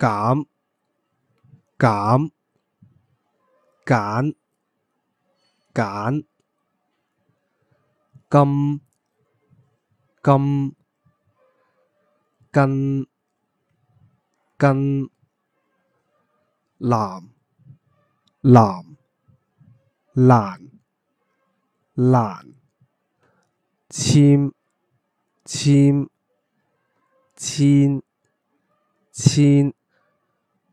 減減減減金金金金藍藍藍藍千、well。千。千。千。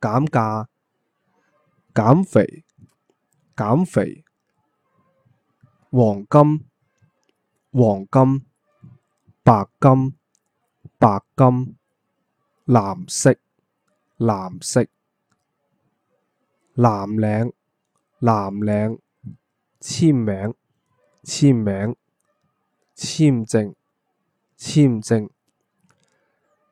減價、減肥、減肥、黃金、黃金、白金、白金、藍色、藍色、藍領、藍領、簽名、簽名、簽證、簽證。簽證。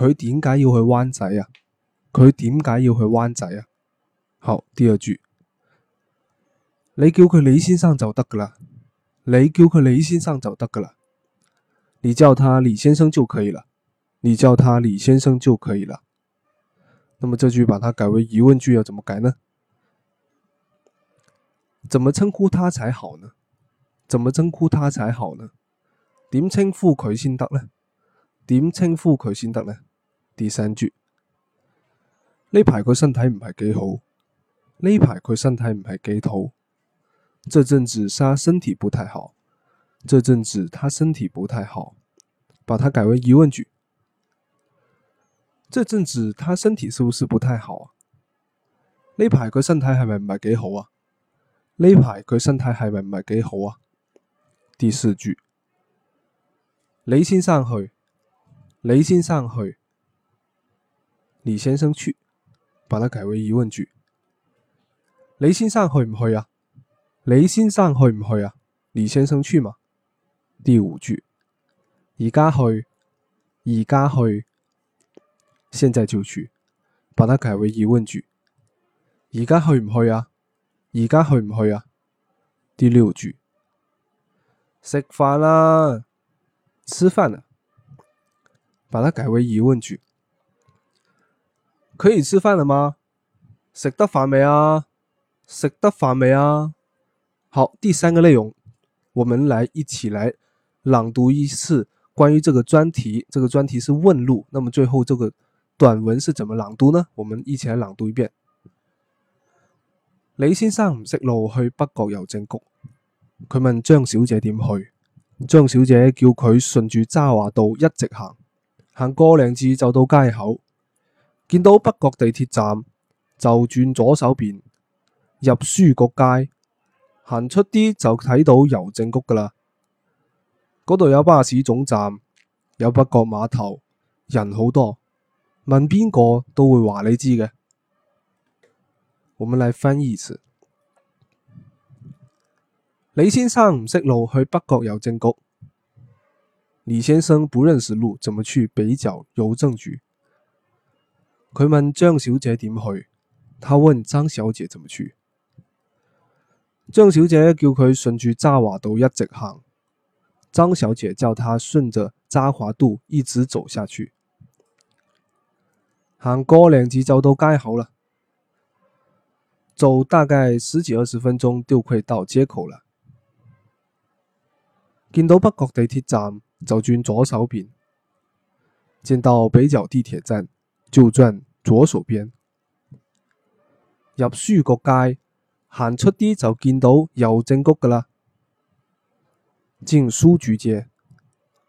佢點解要去灣仔啊？佢點解要去灣仔啊？好，第二句。你叫佢李先生就得㗎喇，你叫佢李先生就得㗎喇。你叫他李先生就可以了，你叫他李先生就可以了。以了那麼這句把它改為疑問句，要怎麼改呢？怎麼稱呼他才好呢？怎麼稱呼他才好呢？點稱呼佢先得呢？點稱呼佢先得呢？第三句，呢排佢身體唔係幾好，呢排佢身體唔係幾好。這陣子他身體不太好，這陣子他身體不太好，把它改為疑問句。這陣子他身體是不是不太好啊？呢排佢身體係咪唔係幾好啊？呢排佢身體係咪唔係幾好啊？第四句，李先生去，李先生去。李先生去，把它改為疑問句。李先生去唔去啊？李先生去唔去啊？李先生去嗎？第五句，而家去，而家去，現在就去，把它改為疑問句。而家去唔去啊？而家去唔去啊？第六句，食飯啦，吃飯了，把它改為疑問句。可以吃飯了嗎？食得飯未啊？食得飯未啊？好，第三個內容，我們來一起來朗讀一次關於這個專題。這個專題是問路。那麼最後這個短文是怎麼朗讀呢？我們一起來朗讀一遍。李先生唔識路去北角郵政局，佢問張小姐點去。張小姐叫佢順住渣華道一直行，行個零字就到街口。見到北角地鐵站，就轉左手邊，入書局街，行出啲就睇到郵政局噶啦。嗰度有巴士總站，有北角碼頭，人好多，問邊個都會話你知嘅。我們嚟翻譯詞。李先生唔識路去北角郵政局。李先生不認識路，怎麼去北角郵政局？佢問張小姐點去，他問張小姐怎麼去。張小姐叫佢順住渣華道一直行。張小姐叫他順着渣華道一直走下去。行過兩次就到街口喇，走大概十幾二十分鐘就可以到街口了。見到北角地鐵站就轉左手邊，見到北角地鐵站。就轉左手邊，入書局街，行出啲就見到郵政局㗎喇。進書局街，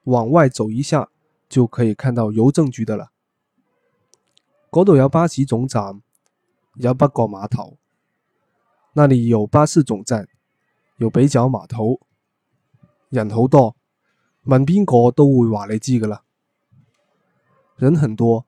往外走一下就可以看到郵政局的啦。嗰度有巴士總站，有北角碼頭，那裡有巴士總站，有北角碼頭，人好多，問邊個都會話你知㗎喇。人很多。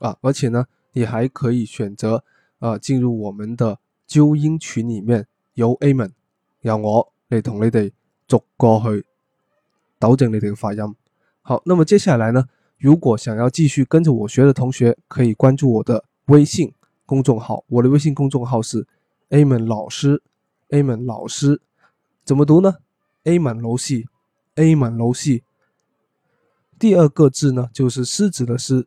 啊，而且呢，你還可以選擇，呃，進入我們的糾音群裏面，由 Amen 讓我來同你哋逐個去糾正你哋嘅發音。好，那麼接下來呢，如果想要繼續跟着我學的同學，可以關注我的微信公眾號，我的微信公眾號是 Amen 老師，Amen 老師怎麼讀呢？Amen 樓系，Amen 樓系。第二個字呢，就是獅子的獅。